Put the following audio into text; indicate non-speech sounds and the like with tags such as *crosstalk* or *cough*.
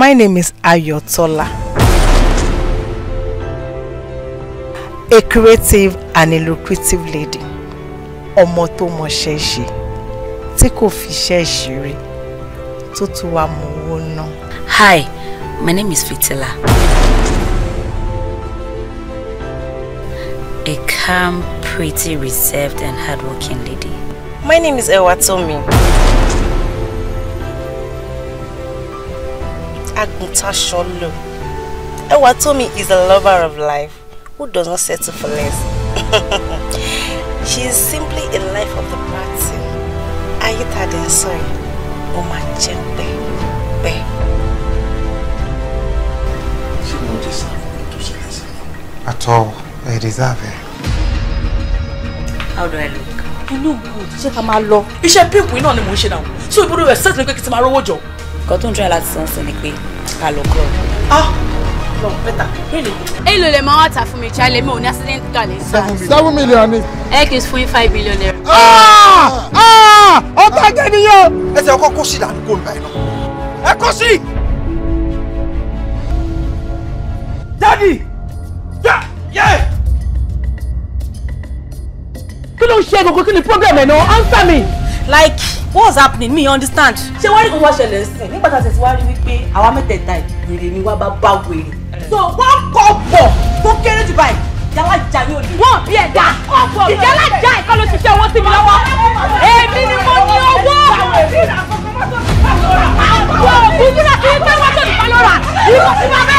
My name is Ayotola. A creative and a lucrative lady. Ọmọ tó mọṣẹ́ ṣe tí kò fi iṣẹ́ ìṣeré tó tún wá Hi, my name is Fitila. A calm, pretty, reserved and hardworking lady. My name is Ewatomi. Aguntashono. Ewatomi is a lover of life who does not settle for less. *laughs* she is simply a life of the party. Ayitade Oma Omachempe, Be. She won't to say At all, I deserve it. How do I look? You look good. Ṣé ká máa lọ? Iṣẹ́ píìpù iná ni mò ń ṣe náà. So you rẹ̀ sẹ́tìlẹ́ pé kí n ti máa rówó nǹkan tó ń jọra láti sàn sí ni pé ká lọ club. ah lọ bẹ́tà really. èlò lè máa wá tà fún accident car lè seven million ni. ẹ kì five million naira. Ah! Ah! ọ̀tá jẹ́ nìyẹn. ẹsẹ̀ ọkọ̀ kó sí ìdánù kó ń bá ẹ lọ. ẹ kó sí. dadi yẹ yẹ. kí ló ń ṣe program ẹ̀ náà answer me. like what's happening me understand. ṣé wọ́n rí kó wọ́n ṣẹlẹ̀ sìn nígbà tá a ṣẹ̀ṣẹ̀ wá rí wípé àwa mẹ́tẹ̀ẹ̀ta wèrè ni wá bá bá wèrè. so wọ́n kọ́ bọ̀ tó kéré jù báyìí ìjàlá ìjà ni òde. wọn bí ẹ̀dá ìjàlá ìjà ìkọ́ ló ti fẹ́ owó sí mi lọ́wọ́ èmi ni mo ní owó. àwọn òkú